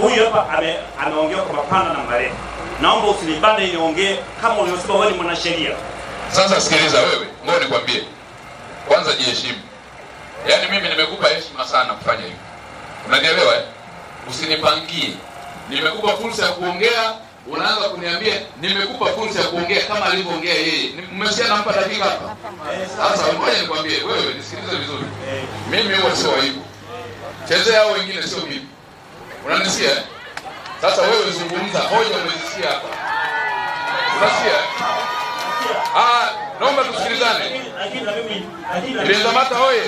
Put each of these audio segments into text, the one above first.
Huyu hapa ameongea kwa mapana na marefu, naomba usinibane niongee kama ulivyosema wewe ni mwanasheria. Sasa sikiliza wewe, ngoja nikwambie kwanza, jiheshimu. Yaani mimi nimekupa heshima sana kufanya hivi, unanielewa eh? Usinipangie. Nimekupa fursa ya kuongea, unaanza kuniambia nimekupa fursa ya kuongea kama alivyoongea yeye. Mmesikia, nampa dakika hapa. Eh, sasa ngoja nikwambie wewe, nisikilize vizuri. Eh. Mimi huwa sio aibu Chezea hao wengine, sio mimi. Unanisikia? Eh? Sasa wewe zungumza, hoja umezisikia hapa. Unasikia? Ah, naomba tusikilizane. Elizamata hoye.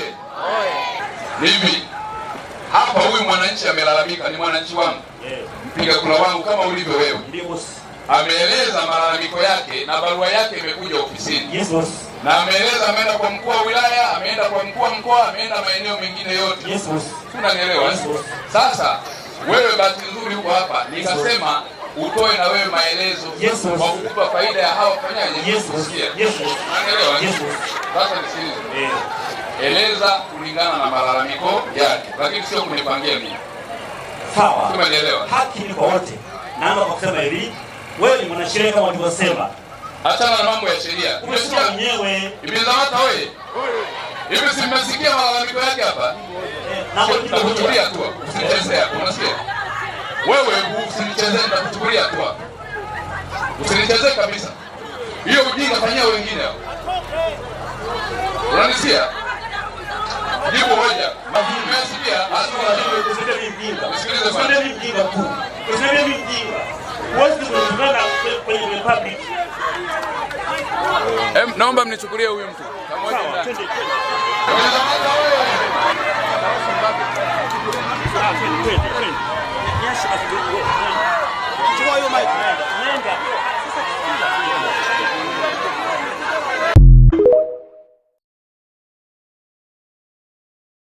Hivi hapa huyu mwananchi amelalamika, ni mwananchi wangu, mpiga kura wangu kama ulivyo wewe. Ameeleza malalamiko yake na barua yake imekuja ofisini. Yes boss na ameeleza ameenda kwa mkuu wa wilaya, ameenda kwa mkuu wa mkoa, ameenda maeneo mengine yote. Yes, unanielewa? Eh? Yes, sasa wewe bahati nzuri huko hapa, nikasema utoe na wewe maelezo yes, kwa kukupa faida ya hawa fanyaje. Yes, yes, unanielewa? Eh? Yes, sasa nisikilize. Yeah. Eleza kulingana na malalamiko yake, lakini sio kunipangia mimi. Sawa, tumeelewa. Haki ni kwa wote. Naanza kwa kusema hivi, wewe ni mwanasheria kama ulivyosema, achana na mambo ya sheria mwenyewe. wewe. Hivi si mmesikia malalamiko yake hapa? Eh, usinichezea, unasikia? Wewe usinichezee, Usinichezee kabisa. Hiyo ujinga fanyia wengine Unanisikia? Jibu hoja. kusikia mimi mjinga. mimi mjinga. mimi mjinga. Em, naomba mnichukulie huyu mtu. Pamoja.